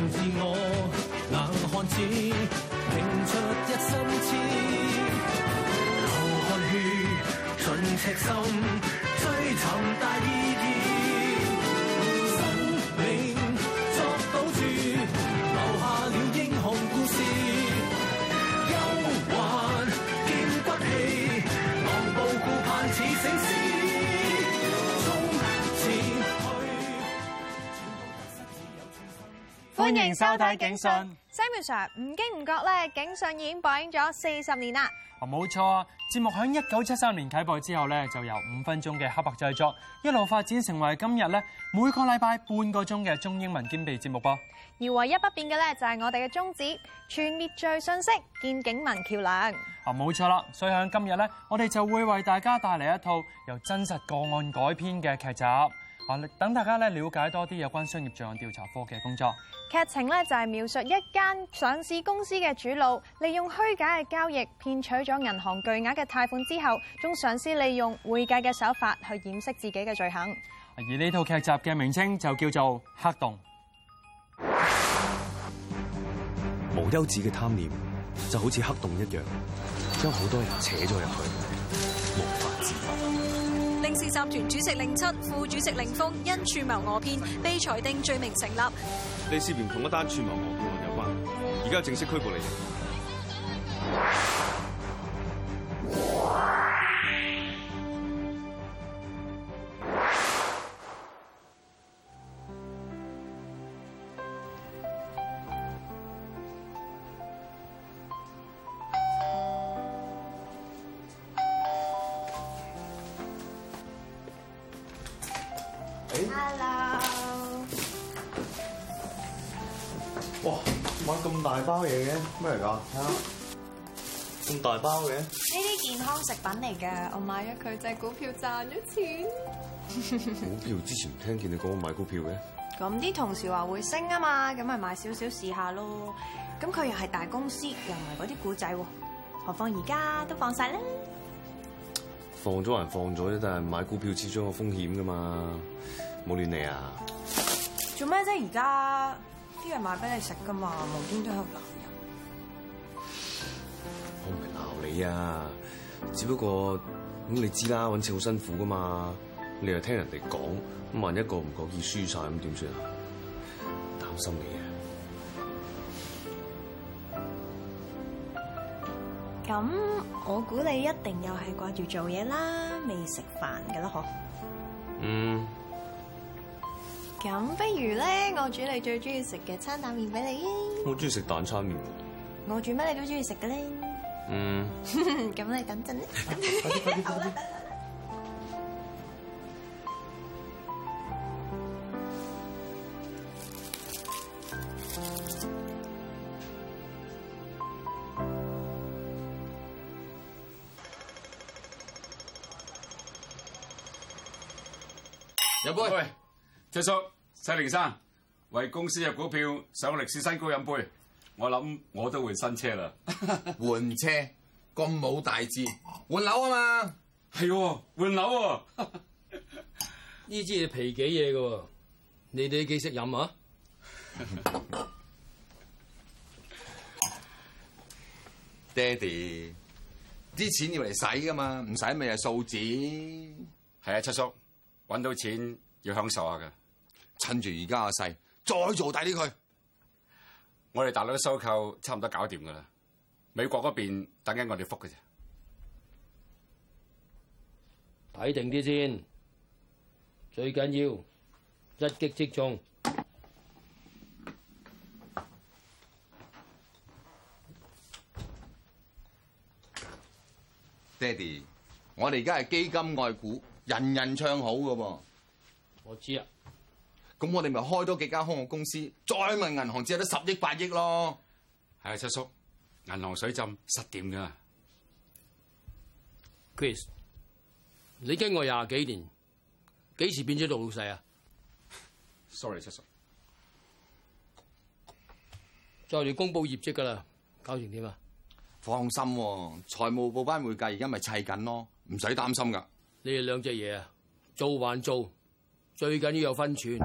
憑自我，硬漢子，拼出一身痴，流汗血，盡赤心。歡迎收睇《警訊》Samuel sir，唔經唔覺咧，《警訊》已經播映咗四十年啦。哦，冇錯，節目響一九七三年起播之後咧，就由五分鐘嘅黑白製作，一路發展成為今日咧每個禮拜半個鐘嘅中英文兼備節目噃。而唯一不變嘅咧，就係我哋嘅宗旨，全滅罪信息，建警民橋樑。啊，冇錯啦，所以響今日咧，我哋就會為大家帶嚟一套由真實個案改編嘅劇集。等大家咧了解多啲有關商業罪案調查科嘅工作。劇情咧就係描述一間上市公司嘅主腦，利用虛假嘅交易騙取咗銀行巨額嘅貸款之後，仲嘗試利用會計嘅手法去掩飾自己嘅罪行。而呢套劇集嘅名稱就叫做《黑洞》。無休止嘅貪念就好似黑洞一樣，將好多人扯咗入去，無法自拔。令氏集團主席令七、副主席令峰因串謀訛騙，被裁定罪名成立。呢事件同一單串謀訛騙案有關，而家正式拘捕你哋。咩嚟噶？睇下，咁大包嘅？呢啲健康食品嚟嘅，我買咗佢，就係股票賺咗錢。 股票之前聽見你講我買股票嘅，咁啲同事話會升啊嘛，咁咪買少少試一下咯。咁佢又係大公司，又唔係嗰啲股仔，何況而家都放晒啦。放咗還放咗啫，但係買股票始終有風險噶嘛，冇亂嚟啊！做咩啫？而家啲人買俾你食噶嘛，無端端有男。係啊，只不過咁你知啦，搵錢好辛苦噶嘛。你又聽人哋講，萬一一個唔覺意輸晒咁點算啊？擔心你啊。咁我估你一定又係掛住做嘢啦，未食飯㗎囉嗬。嗯。咁不如咧，我煮你最中意食嘅餐蛋麵俾你。我中意食蛋餐麵。我煮咩你都中意食嘅咧。咁嚟緊陣咧，有杯。蔡叔、蔡明生，為公司嘅股票上歷史新高，飲杯。我諗我都換新車啦，換車咁冇大志，換樓啊嘛。係喎，換樓喎。呢支嘢皮幾嘢噶，你哋幾識飲啊？ 爹哋啲錢要嚟使噶嘛，唔使咪係數字。係啊，七叔揾到錢要享受下噶，趁住而家嘅勢再做大啲佢。我哋大佬嘅收購差唔多搞掂噶啦，美國嗰邊等緊我哋覆嘅啫，睇定啲先，最緊要一擊即中，爹哋，我哋而家係基金外股，人人唱好噶喎。我知。咁我哋咪開多幾間空殼公司，再問銀行借得十億八億咯。係啊，七叔，銀行水浸失點噶。Chris，你跟過廿幾年，幾時變咗做老細啊？Sorry，七叔。再嚟公布業績噶啦，搞掂點啊？放心啊，財務部班會計，而家咪砌緊咯，唔使擔心噶。你哋兩隻嘢啊，做還做，最緊要有分寸。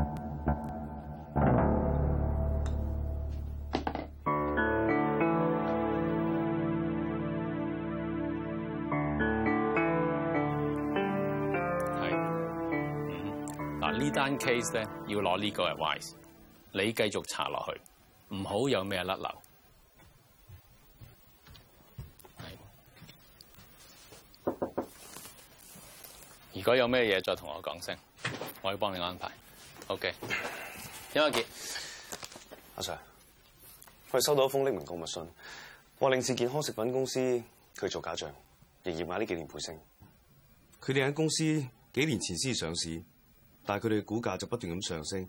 case 咧要攞呢個 advice 你繼續查落去，唔好有咩甩漏。係，如果有咩嘢再同我講聲，我可以幫你安排。OK，因阿傑，阿 Sir，我哋收到一封匿名告密信，我領智健康食品公司佢做假帳，仍然下呢幾年倍升。佢哋喺公司幾年前先上市。但係佢哋嘅股價就不斷咁上升，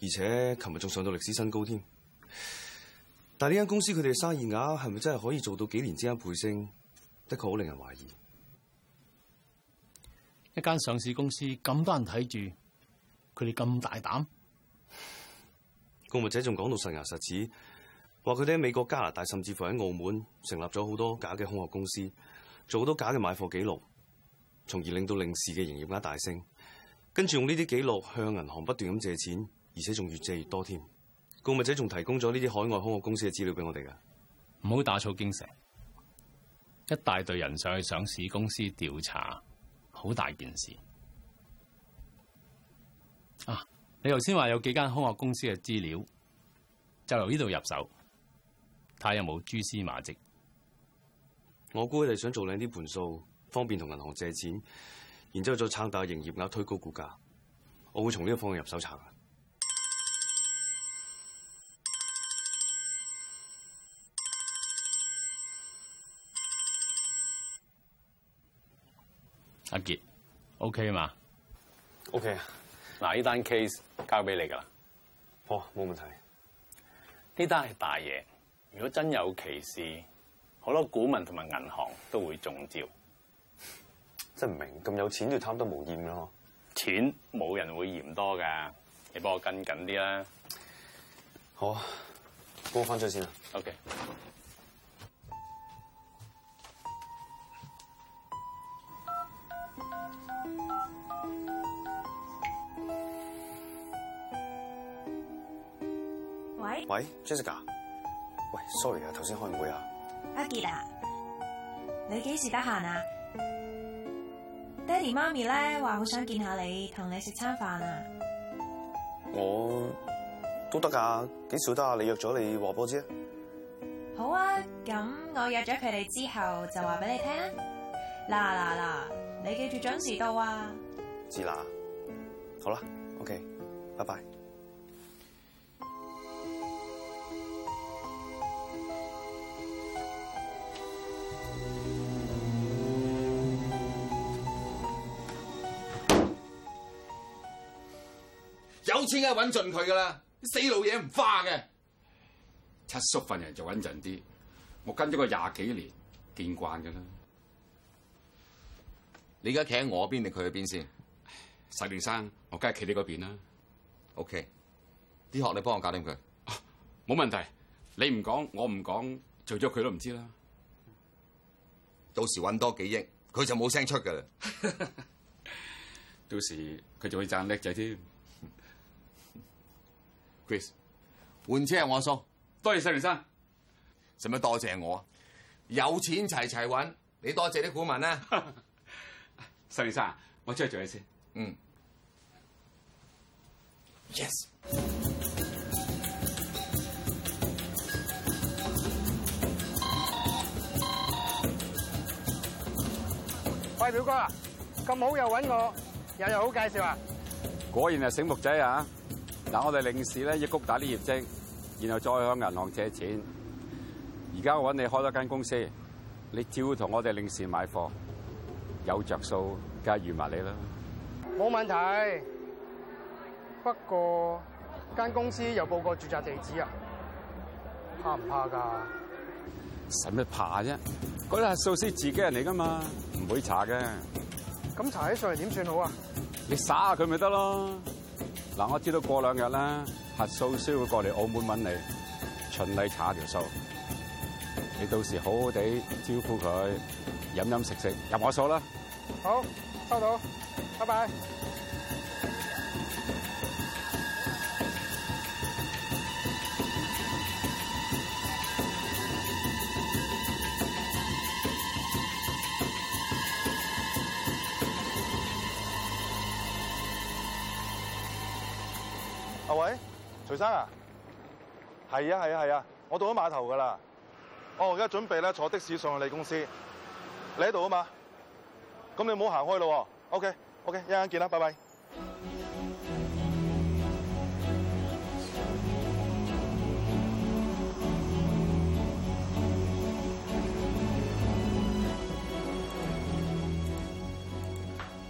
而且琴日仲上到歷史新高添。但係呢間公司佢哋嘅生意額係咪真係可以做到幾年之間倍升？的確好令人懷疑。一間上市公司咁多人睇住，佢哋咁大膽？告密者仲講到實牙實齒，話佢哋喺美國、加拿大，甚至乎喺澳門成立咗好多假嘅空殼公司，做好多假嘅買貨記錄，從而令到零時嘅營業額大升。跟住用呢啲記錄向銀行不斷咁借錢，而且仲越借越多添。告密者仲提供咗呢啲海外空殼公司嘅資料俾我哋噶，唔好打草驚蛇。一大隊人上去上市公司調查，好大件事啊！你頭先話有幾間空殼公司嘅資料，就由呢度入手，睇下有冇蛛絲馬迹。我估佢哋想做靚啲盤數，方便同銀行借錢。然之後再撐大營業額，推高股價。我會從呢個方向入手撐。阿傑，OK 嘛，right?OK 啊。嗱，呢單 case 交俾你㗎啦。哦，冇問題。呢單係大嘢，如果真有其事，好多股民同埋銀行都會中招。唔明咁有錢就貪得無厭咯，錢冇人會嫌多㗎，你幫我跟緊啲啦。好啊，我放隻先啦。OK 喂。喂喂，Jessica，喂，sorry 啊，頭先開會啊。阿杰啊，你幾時得閒啊？爹哋媽咪咧，話好想見下你，同你食餐飯啊！我都得噶，幾少得啊？你約咗你和波姐啊？好啊，咁我約咗佢哋之後就話俾你聽嗱嗱嗱，你記住準時到啊！知啦，好啦，OK，拜拜。千家揾盡佢噶啦，啲死老嘢唔花嘅。七叔份人就穩陣啲，我跟咗佢廿幾年，見慣噶啦。你而家企喺我邊定佢邊先？細連生，我梗係企你嗰邊啦。OK，啲學你幫我搞掂佢。冇問題，你唔講，我唔講，除咗佢都唔知啦。到時揾多幾億，佢就冇聲出噶啦。到時佢就會讚叻仔添。換車係我送，多謝細連生，使乜多謝我啊？有錢齊齊揾，你多謝啲股民啦。細連生，我出去做嘢先。嗯。Yes。喂，表哥啊，咁好又揾我，又有好介紹啊？果然係醒目仔啊！嗱，我哋領事咧要谷大啲業績，然後再向銀行借錢。而家我揾你開多間公司，你照同我哋領事買貨，有着數，梗係預埋你啦。冇問題，不過間公司有報過住宅地址啊，怕唔怕㗎？使咩怕啫？嗰啲係數師自己人嚟㗎嘛，唔會查嘅。咁查起上嚟點算好啊？你耍下佢咪得咯？嗱，我知道過兩日咧，核數師會過嚟澳門揾你，循例查條數。你到時好好地招呼佢，飲飲食食入我數啦。好，收到，拜拜。余生是啊，係啊係啊係啊，我到咗碼頭噶啦。哦，而家準備咧坐的士上去你公司。你喺度啊嘛？咁你唔好行開咯。OK，OK，okay, okay, 一陣見啦，拜拜。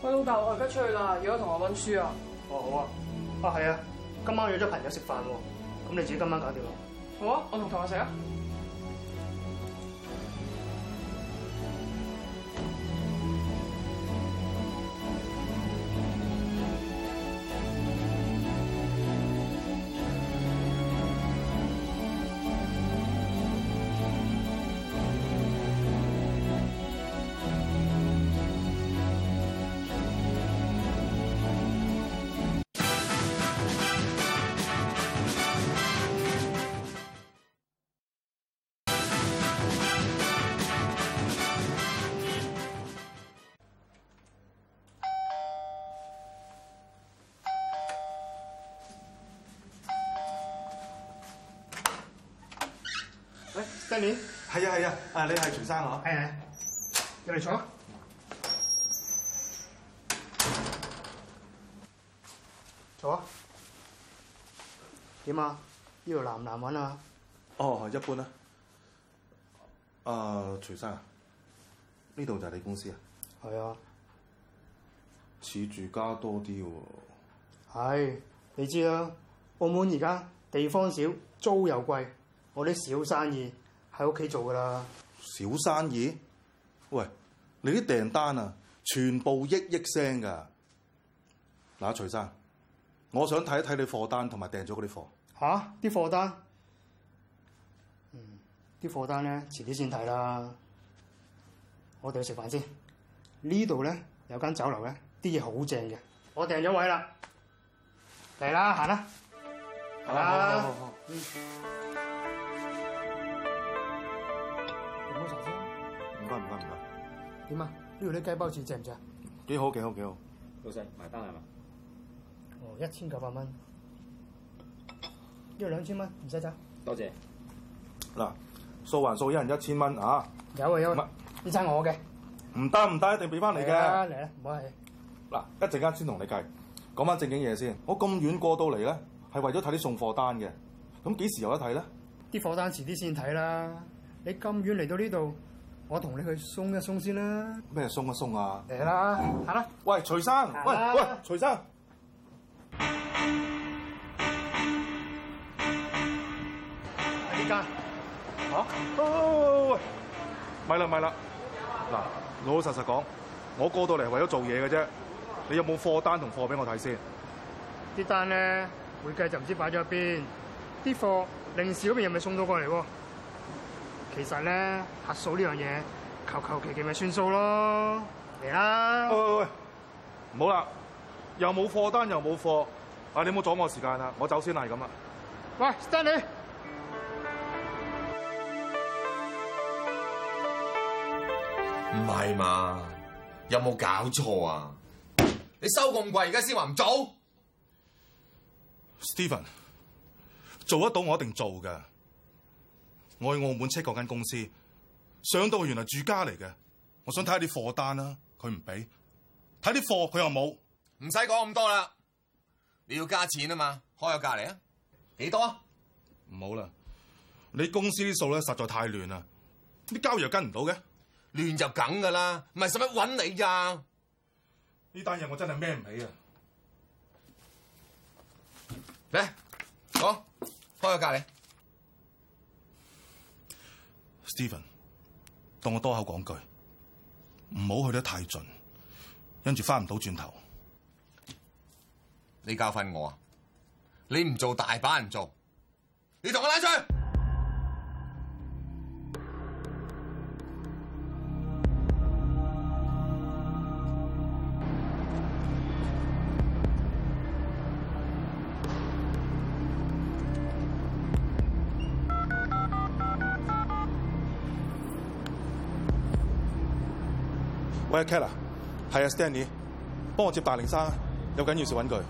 喂，老豆，我而家出去啦，有同我溫書啊。哦，好啊。啊，係啊。今晚約咗朋友食飯喎，咁你自己今晚搞掂啦。好啊，我同同學食啊。係啊，係啊，啊，你係徐生嗬？係啊，入嚟坐咯，坐啊。點啊？呢度難唔難揾啊？哦，一般啊。啊、呃，徐生，呢度就係你公司啊？係啊。似住家多啲喎。哦。係，你知啦，澳門而家地方少，租又貴，我啲小生意。喺屋企做噶啦，小生意？喂，你啲訂單啊，全部億億聲噶。嗱，徐生，我想睇一睇你貨單同埋訂咗嗰啲貨啊。吓啊，啲貨單，嗯，啲貨單咧，遲啲先睇啦。我哋去食飯先。呢度咧有間酒樓咧，啲嘢好正嘅。我訂咗位啦，嚟啦，行啦。好啦。好好。嗯。唔該唔該唔該。點啊？呢度啲雞煲翅值唔值？幾好幾好幾好。老細埋單係嘛？哦，一千九百蚊。呢度兩千蚊唔使走。多謝，謝。嗱，數還數，一人一千蚊啊。有啊有啊。唔係，呢餐我嘅。唔得唔得，一定俾翻你嘅。嚟啦嚟啦，唔好客氣。嗱，一陣間先同你計。講翻正經嘢先，我咁遠過到嚟咧，係為咗睇啲送貨單嘅。咁幾時有得睇咧？啲貨單遲啲先睇啦。你咁遠嚟到呢度，我同你去鬆一鬆先啦。咩鬆一鬆啊？嚟啦，行啦！喂，徐生，喂喂，徐生，嚟呢間，嚇、啊，哦，咪啦咪啦，嗱，老老實實講，我過到嚟為咗做嘢嘅啫。你有冇貨單同貨俾我睇先？啲單咧，會計就唔知擺咗一邊。啲貨，零售嗰邊又咪送咗過嚟喎。其實咧，核數呢樣嘢，求求其其咪算數咯。嚟啦！喂喂喂，唔好啦，又冇貨單又冇貨，啊你唔好阻我時間啦，我走先係咁啦。喂，Stanley，唔係嘛？有冇搞錯啊？你收咁貴，而家先話唔做？Stephen，做得到我一定做㗎。我去澳門 check 嗰間公司，上到原來住家嚟嘅，我想睇下啲貨單啦，佢唔俾，睇啲貨佢又冇。唔使講咁多啦，你要加錢啊嘛，開個價嚟啊，幾多啊？唔好啦，你公司啲數咧實在太亂啦，啲交易，又跟唔到嘅，亂就梗噶啦，唔係使乜揾你呀？呢單嘢我真係孭唔起啊，嚟，講，開個價嚟。s t e p h e n 當我多口講句，唔好去得太盡，跟住翻唔到轉頭你。你教訓我啊！你唔做大把人做，你同我拉出去。喂 Kella 係啊 Stanley，幫我接大嶺山，有緊要事揾佢。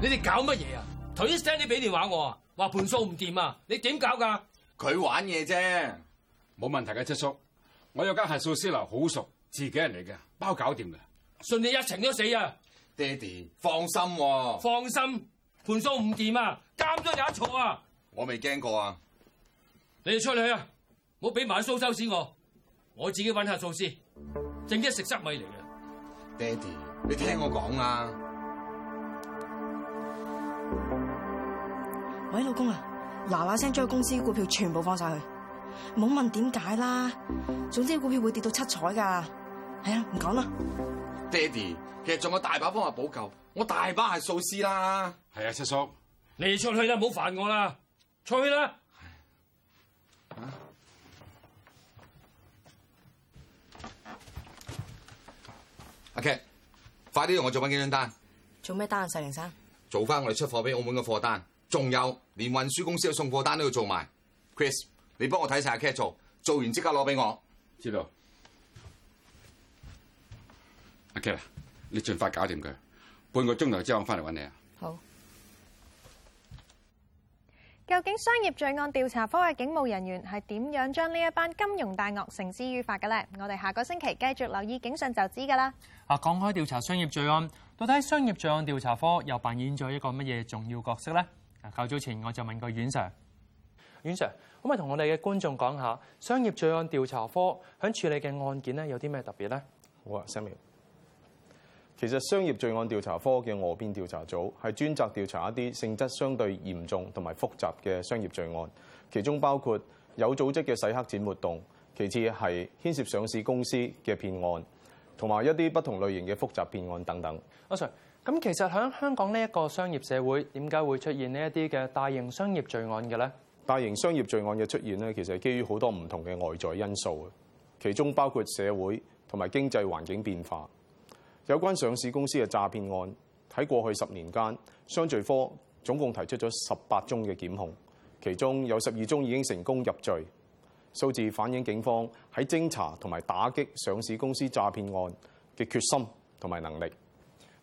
你哋搞乜嘢啊？頭先 Stanley 俾電話我啊，話盤數唔掂啊，你點搞噶？佢玩嘢啫，冇問題嘅，七叔，我有間核數師樓好熟，自己人嚟嘅，包搞掂嘅。信你一程都死啊！爹哋，放心喎啊。放心，盤數唔掂啊，監咗有一坐啊。我未驚過啊，你哋出嚟啊！我俾埋喺蘇州市我，我自己揾下措施，正一食塞米嚟嘅。爹哋，你聽我講啦。喂，老公啊，嗱嗱聲將公司股票全部放晒去，冇問點解啦，總之股票會跌到七彩噶。係啊，唔講啦。爹哋，其實仲有大把方法補救，我大把係措施啦。係啊，七叔，你出去啦，唔好煩我啦，出去啦。阿 K，快啲用我做翻幾張單。做咩單啊，細玲生？做翻我哋出貨俾澳門嘅貨單，仲有連運輸公司嘅送貨單都要做埋。Chris，你幫我睇晒阿 K 做，做完即刻攞俾我。知道。阿 K，你盡快搞掂佢，半個鐘頭之後我翻嚟揾你啊。好。究竟商業罪案調查科嘅警務人員係點樣將呢一班金融大鱷繩之於法嘅咧？我哋下個星期繼續留意警訊就知噶啦。啊，講開調查商業罪案，到底商業罪案調查科又扮演咗一個乜嘢重要角色咧？啊，較早前我就問過阮 Sir，阮 Sir 可唔可以同我哋嘅觀眾講下商業罪案調查科響處理嘅案件咧有啲咩特別咧？好啊，Sammy。其實商業罪案調查科嘅河邊調查組係專責調查一啲性質相對嚴重同埋複雜嘅商業罪案，其中包括有組織嘅洗黑錢活動，其次係牽涉上市公司嘅騙案，同埋一啲不同類型嘅複雜騙案等等。阿 Sir，咁其實喺香港呢一個商業社會，點解會出現呢一啲嘅大型商業罪案嘅呢？大型商業罪案嘅出現呢，其實係基於好多唔同嘅外在因素，其中包括社會同埋經濟環境變化。有關上市公司嘅詐騙案，喺過去十年間，商罪科總共提出咗十八宗嘅檢控，其中有十二宗已經成功入罪。數字反映警方喺偵查同埋打擊上市公司詐騙案嘅決心同埋能力。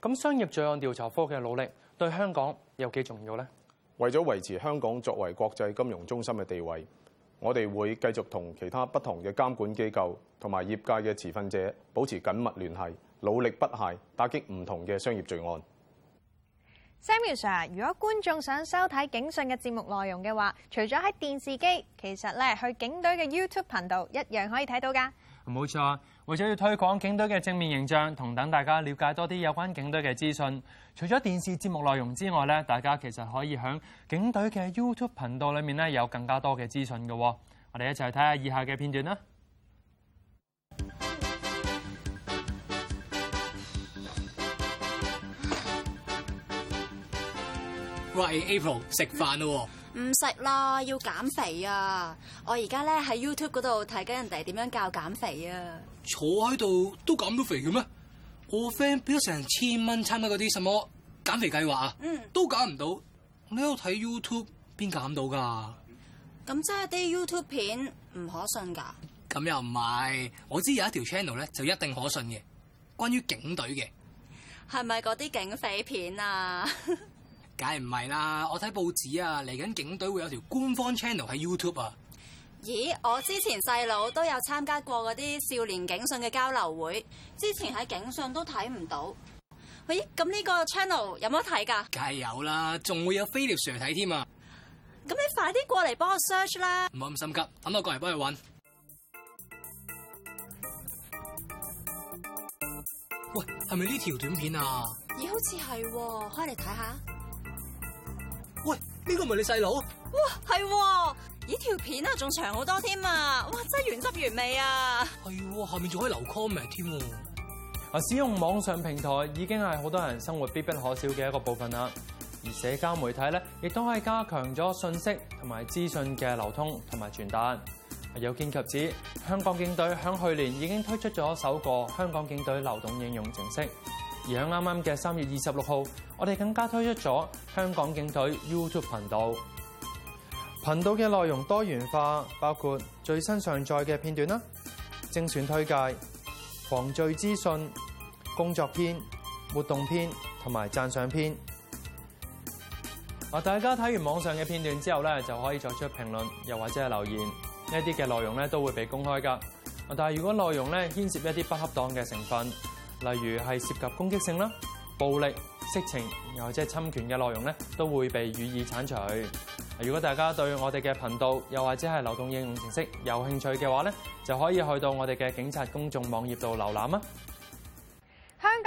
咁商業罪案調查科嘅努力對香港有幾重要呢？為咗維持香港作為國際金融中心嘅地位，我哋會繼續同其他不同嘅監管機構同埋業界嘅持份者保持緊密聯繫。.努力不懈，打擊唔同嘅商業罪案。Samuel sir，如果觀眾想收睇警訊嘅節目內容嘅話，除咗喺電視機，其實咧去警隊嘅 YouTube 頻道一樣可以睇到㗎。冇錯，為咗要推廣警隊嘅正面形象，同等大家了解多啲有關警隊嘅資訊，除咗電視節目內容之外咧，大家其實可以響警隊嘅 YouTube 頻道裡面咧有更加多嘅資訊嘅。我哋一齊睇下以下嘅片段啦。By、April 食飯咯，唔食啦，要減肥啊！我而家咧喺 YouTube 嗰度睇緊人哋點樣教減肥啊！坐喺度都減到肥嘅咩？我 friend 俾咗成千蚊參加嗰啲什麼減肥計劃啊，都減唔到。你喺度睇 YouTube 邊減到噶？咁即係啲 YouTube 片唔可信噶？咁又唔係，我知有一條 channel 咧就一定可信嘅，關於警隊嘅。係咪嗰啲警匪片啊？ 梗係唔係啦！我睇報紙啊，嚟緊警隊會有條官方 channel 喺 YouTube 啊。咦？我之前細佬都有參加過嗰啲少年警訊嘅交流會，之前喺警訊都睇唔到，嗯。喂，咁呢個 channel 有冇睇噶？梗係有啦，仲會有飛碟 Sir 睇添啊！咁你快啲過嚟幫我 search 啦！唔好咁心急，等我過嚟幫你搵。喂，係咪呢條短片啊？咦，好似係，哦，開嚟睇下。喂，呢個唔係你細佬？哇，係喎，咦，條片啊，仲長好多添啊！哇，真係原汁原味啊！係喎，下面仲可以留 comment 添。啊，使用網上平台已經係好多人生活必不可少嘅一個部分啦。而社交媒體咧，亦都係加強咗信息同埋資訊嘅流通同埋傳達。有見及此，香港警隊響去年已經推出咗首個香港警隊流動應用程式。而喺啱啱嘅三月二十六號，我哋更加推出咗香港警隊 YouTube 頻道。頻道嘅內容多元化，包括最新上載嘅片段啦、精選推介、防罪資訊、工作片、活動片同埋讚賞片。啊，大家睇完網上嘅片段之後咧，就可以作出評論，又或者係留言呢一啲嘅內容咧，都會被公開噶。但係如果內容咧牽涉一啲不恰當嘅成分，例如係涉及攻擊性啦、暴力、色情又或者侵權嘅內容咧，都會被予以鏟除。如果大家對我哋嘅頻道又或者係流動應用程式有興趣嘅話咧，就可以去到我哋嘅警察公眾網頁度瀏覽啊。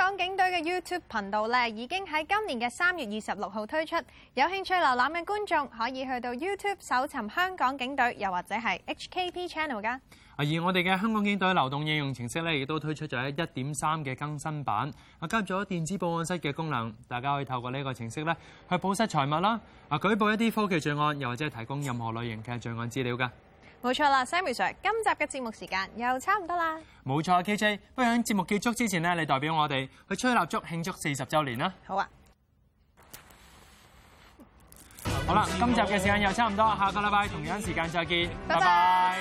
港警隊嘅 YouTube 頻道咧，已經喺今年嘅三月二十六號推出。有興趣瀏覽嘅觀眾可以去到 YouTube 搜尋香港警隊，又或者係 HKP Channel 噶。而我哋嘅香港警隊流動應用程式咧，亦都推出咗一點三嘅更新版，加入咗電子報案室嘅功能。大家可以透過呢個程式咧去報失財物啦，啊，舉報一啲科技罪案，又或者係提供任何類型嘅罪案資料噶。冇錯啦，Sammy Sir，今集嘅節目時間又差唔多啦。冇錯，KJ，不如喺節目結束之前咧，你代表我哋去吹蠟燭慶祝四十週年啦。好啊。好啦，今集嘅時間又差唔多，下個禮拜同樣時間再見，拜拜。